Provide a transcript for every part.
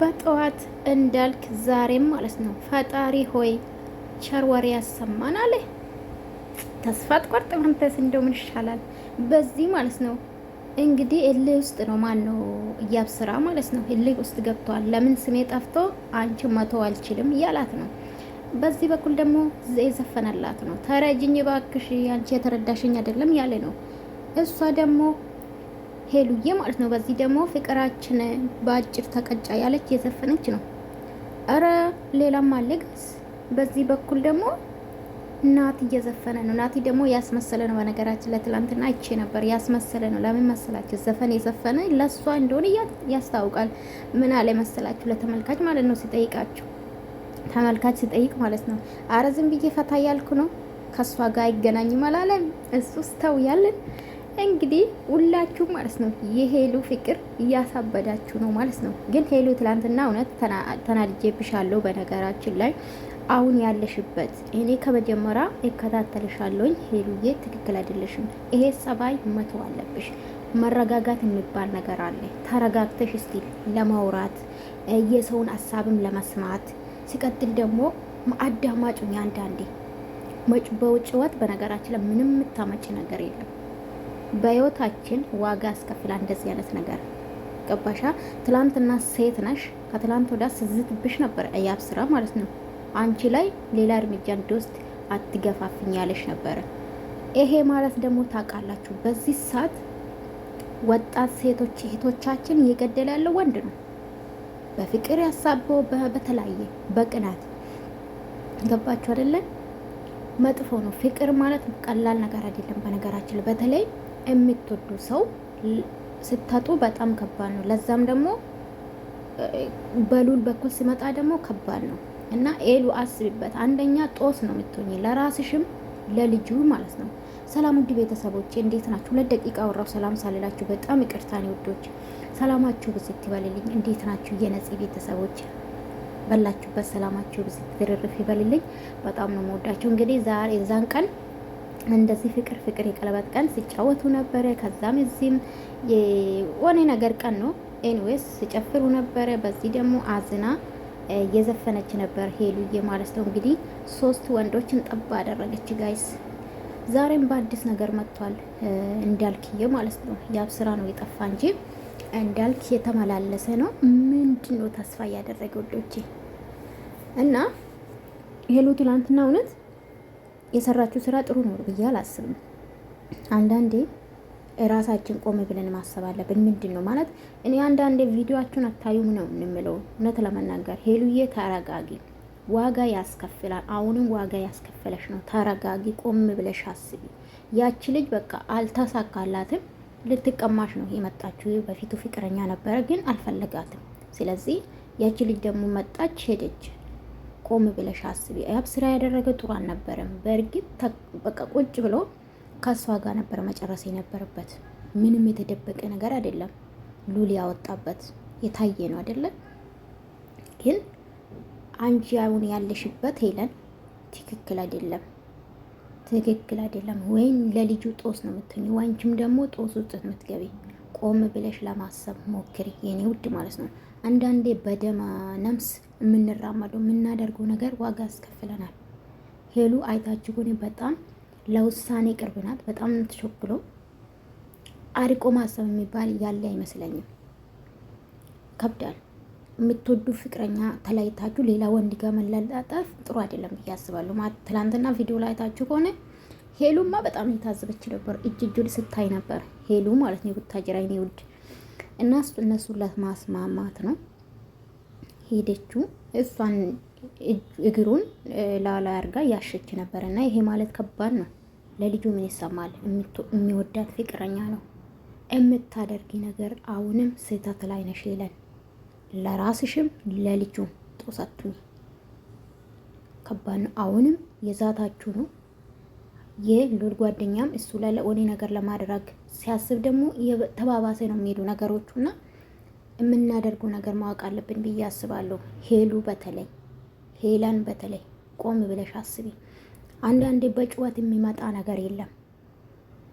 በጠዋት እንዳልክ ዛሬም ማለት ነው። ፈጣሪ ሆይ ቸር ወሬ ያሰማን አለ። ተስፋ አትቆርጥ መንፈስ እንደው ምን ይሻላል በዚህ ማለት ነው። እንግዲህ እልህ ውስጥ ነው ማን ነው እያብስራ ማለት ነው። እልህ ውስጥ ገብቷል። ለምን ስሜ ጠፍቶ አንቺ መተው አልችልም እያላት ነው። በዚህ በኩል ደግሞ የዘፈነላት ነው። ተረጅኝ ባክሽ አንቺ የተረዳሽኝ አይደለም ያለ ነው። እሷ ደግሞ ሄሉዬ ማለት ነው። በዚህ ደግሞ ፍቅራችን በአጭር ተቀጫ ያለች የዘፈነች ነው። እረ ሌላም አለ ጋይስ። በዚህ በኩል ደግሞ ናቲ እየዘፈነ ነው። ናቲ ደግሞ ያስመሰለ ነው። በነገራችን ለትላንትና አይቼ ነበር። ያስመሰለ ነው። ለምን መሰላችሁ? ዘፈን የዘፈነ ለእሷ እንደሆነ ያስታውቃል። ምን አለ መሰላችሁ? ለተመልካች ማለት ነው ሲጠይቃችሁ፣ ተመልካች ሲጠይቅ ማለት ነው አረ ዝም ብዬ ፈታ ያልኩ ነው ከእሷ ጋር አይገናኝም አላለም። እሱ ስተው ያለን እንግዲህ ሁላችሁ ማለት ነው የሄሉ ፍቅር እያሳበዳችሁ ነው ማለት ነው። ግን ሄሉ ትላንትና እውነት ተናድጄብሻለሁ። በነገራችን ላይ አሁን ያለሽበት እኔ ከመጀመሪያ እከታተልሻለሁኝ። ሄሉዬ ትክክል አይደለሽም። ይሄ ጸባይ መተው አለብሽ። መረጋጋት የሚባል ነገር አለ። ተረጋግተሽ እስቲ ለማውራት የሰውን ሀሳብም ለመስማት ሲቀጥል ደግሞ አዳማጩኝ አንዳንዴ በውጭ ወት በነገራችን ላይ ምንም የምታመጭ ነገር የለም። በህይወታችን ዋጋ ያስከፍላ እንደዚህ አይነት ነገር ቀባሻ ትላንትና ሴት ነሽ፣ ከትላንት ወዳ ስዝትብሽ ነበር እያብ ስራ ማለት ነው። አንቺ ላይ ሌላ እርምጃ እንድወስድ አትገፋፍኝ ያለሽ ነበረ። ይሄ ማለት ደግሞ ታውቃላችሁ፣ በዚህ ሰዓት ወጣት ሴቶች እህቶቻችን እየገደለ ያለው ወንድ ነው። በፍቅር ያሳበው በተለያየ በቅናት ገባችሁ አይደለን? መጥፎ ነው። ፍቅር ማለት ቀላል ነገር አይደለም። በነገራችን በተለይ የምትወዱ ሰው ስታጡ በጣም ከባድ ነው። ለዛም ደግሞ በሉል በኩል ሲመጣ ደግሞ ከባድ ነው እና ኤሉ አስቢበት። አንደኛ ጦስ ነው የምትሆኝ ለራስሽም ለልጁ ማለት ነው። ሰላም ውድ ቤተሰቦች እንዴት ናችሁ? ሁለት ደቂቃ ወራው ሰላም ሳልላችሁ በጣም ይቅርታ ነው ውዶች፣ ሰላማችሁ ብዝት ይበልልኝ። እንዴት ናችሁ የነጽ ቤተሰቦች? በላችሁበት ሰላማችሁ ብዝት ትርርፍ ይበልልኝ። በጣም ነው መወዳቸው። እንግዲህ ዛሬ የዛን ቀን እንደዚህ ፍቅር ፍቅር የቀለበት ቀን ሲጫወቱ ነበረ። ከዛም እዚህም የሆነ ነገር ቀን ነው ኤኒዌይስ ሲጨፍሩ ነበረ። በዚህ ደግሞ አዝና እየዘፈነች ነበር ሄሉዬ ማለት ነው። እንግዲህ ሶስት ወንዶችን ጠባ አደረገች ጋይስ። ዛሬም በአዲስ ነገር መጥቷል እንዳልክዬ ማለት ነው። ያብ ስራ ነው የጠፋ እንጂ እንዳልክ የተመላለሰ ነው። ምንድን ነው ተስፋ እያደረገ ወዶቼ እና ሄሉ ትላንትና እውነት የሰራችሁ ስራ ጥሩ ነው ብዬ አላስብም። አንዳንዴ እራሳችን ቆም ብለን ማሰብ አለብን። ምንድን ነው ማለት እኔ አንዳንዴ ቪዲዮችን አታዩም ነው የምንለው። እውነት ለመናገር ሄሉዬ ተረጋጊ፣ ዋጋ ያስከፍላል። አሁንም ዋጋ ያስከፈለሽ ነው። ተረጋጊ፣ ቆም ብለሽ አስቢ። ያቺ ልጅ በቃ አልተሳካላትም፣ ልትቀማሽ ነው የመጣችው። በፊቱ ፍቅረኛ ነበረ ግን አልፈለጋትም። ስለዚህ ያቺ ልጅ ደግሞ መጣች ሄደች። ቆም ብለሽ አስቢ። ያብ ስራ ያደረገ ጥሩ አልነበረም። በእርግጥ በቃ ቁጭ ብሎ ከእሷ ጋር ነበር መጨረስ የነበረበት። ምንም የተደበቀ ነገር አይደለም። ሉል ያወጣበት የታየ ነው አይደለም። ግን አንቺ አሁን ያለሽበት ሄለን ትክክል አይደለም፣ ትክክል አይደለም። ወይም ለልጁ ጦስ ነው የምትሆኝ፣ ወንቺም ደግሞ ጦስ ውስጥ የምትገቢ ቆም ብለሽ ለማሰብ ሞክሪ የኔ ውድ ማለት ነው። አንዳንዴ በደመ ነፍስ የምንራመደው የምናደርገው ነገር ዋጋ ያስከፍለናል። ሄሉ አይታችሁ እኔ በጣም ለውሳኔ ቅርብ ናት። በጣም ተቸኩሎ አርቆ ማሰብ የሚባል ያለ አይመስለኝም። ከብዳል። የምትወዱ ፍቅረኛ ተለያይታችሁ ሌላ ወንድ ጋር መለጣጠፍ ጥሩ አይደለም ብዬ አስባለሁ። ትላንትና ቪዲዮ ላይ አይታችሁ ከሆነ ሄሉማ በጣም የታዘበች ነበር። እጅ እጁን ስታይ ነበር ሄሉ ማለት ነው። የቡታጅራ ይኔ ውድ እና እነሱን ለማስማማት ነው ሄደችው። እሷን እግሩን ላላ አድርጋ ያሸች ነበር። እና ይሄ ማለት ከባድ ነው ለልጁ ምን ይሰማል? የሚወዳት ፍቅረኛ ነው የምታደርጊ ነገር አሁንም ስህተት ላይ ነሽ ይለን። ለራስሽም ለልጁም ጦሳቱኝ ከባድ ነው። አሁንም የዛታችሁ ነው ሉል ጓደኛም እሱ ላይ ለኦኔ ነገር ለማድረግ ሲያስብ ደግሞ ተባባሰ ነው የሚሄዱ ነገሮቹ እና የምናደርገው ነገር ማወቅ አለብን ብዬ አስባለሁ። ሄሉ በተለይ ሄላን በተለይ ቆም ብለሽ አስቢ። አንዳንዴ በጭዋት የሚመጣ ነገር የለም።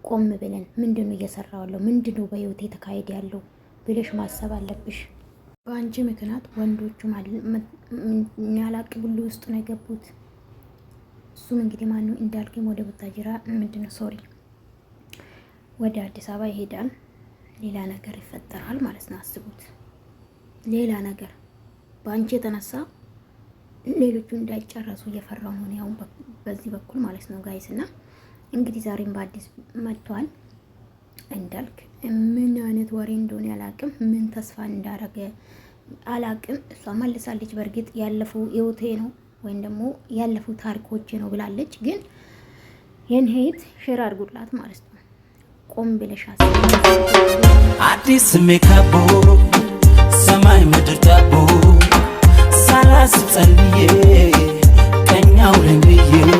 ቆም ብለን ምንድን ነው እየሰራዋለሁ፣ ምንድን ነው በህይወት የተካሄድ ያለው ብለሽ ማሰብ አለብሽ። በአንቺ ምክንያት ወንዶቹ ሁሉ ውስጥ ነው የገቡት። እሱም እንግዲህ ማኑ እንዳልኩኝ ወደ ቡታጅራ ምንድነው ሶሪ ወደ አዲስ አበባ ይሄዳል። ሌላ ነገር ይፈጠራል ማለት ነው። አስቡት፣ ሌላ ነገር በአንቺ የተነሳ ሌሎቹ እንዳይጨረሱ እየፈራው ነው ያው በዚህ በኩል ማለት ነው ጋይስ። እና እንግዲህ ዛሬም በአዲስ መጥቷል እንዳልክ። ምን አይነት ወሬ እንደሆነ አላቅም፣ ምን ተስፋ እንዳረገ አላቅም። እሷ መልሳለች። በእርግጥ ያለፈው ህይወቴ ነው ወይም ደግሞ ያለፉ ታሪኮች ነው ብላለች። ግን ይህን ሄት ሼር አድርጉላት ማለት ነው። ቆም ብለሻ አዲስ ሜካቦ ሰማይ ምድር ሳላስ ጸልዬ ቀኛው ለምዬ